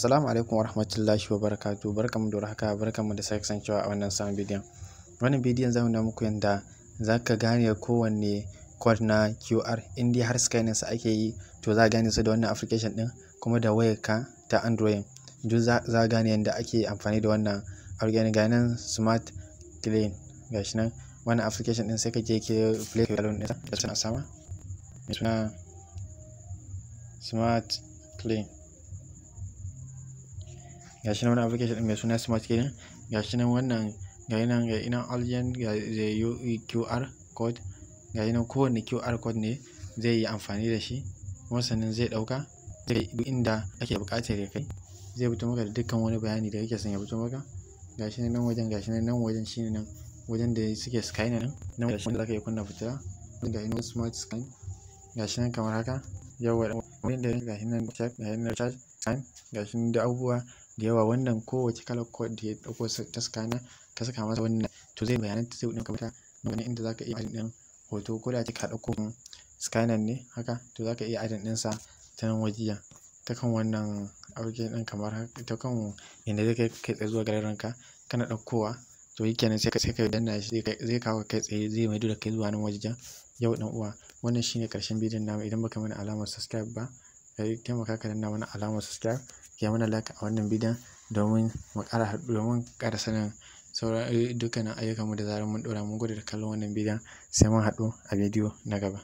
Assalamu alaikum warahmatullahi wabarakatuh barkamu da warhaka barkamu da sake kasancewa a wannan sabon bidiyon wannan bidiyon zamu nuna muku yanda zaka gane kowanne code na QR in dai har scanning sa ake yi to za gane su da wannan application din kuma da ka ta Android duk za gane yanda ake amfani da wannan organic ganin smart clean gashi nan wannan application din sai kaje ke play download din sa da sama suna smart clean gashi nan wani application ɗin mai suna smart kenan gashi nan wannan gashi nan ga ina algen ga qr code gashi nan kowanne qr code ne zai yi amfani da shi kuma sannan zai ɗauka zai duk inda kake bukatar ya kai zai fito maka da dukkan wani bayani da kake son ya fito maka gashi nan wajen gashi nan wajen shine nan wajen da suke sky nan nan gashi da zaka yi kunna fitila ga ina smart scan gashi nan kamar haka yawa wanda gashi nan check gashi nan charge gashi nan da abubuwa da yawa wannan kowace kalar code da ya ɗauko ta sakana ka saka masa wannan to zai bayanan ta zai ɗauka mata na wani inda zaka iya adin ɗin hoto ko da ka ɗauko scanner ne haka to zaka iya adin sa ta nan wajiya ta kan wannan application ɗin kamar haka ta kan inda zai kai kai tsaye zuwa galerin ka kana daukowa to yi kenan sai ka sai ka danna shi zai kawo kai tsaye zai maido da kai zuwa nan wajen yau dan uwa wannan shine karshen bidiyon namu idan baka mana alamar subscribe ba ka taimaka ka danna mana alamar subscribe ka mana like a wannan bidiyon domin mu ƙara domin ƙara sanin sauran eh, dukkanin ayyukanmu da zarar mun ɗora mun gode da kallon wannan bidiyon sai mun haɗu a bidiyo na gaba.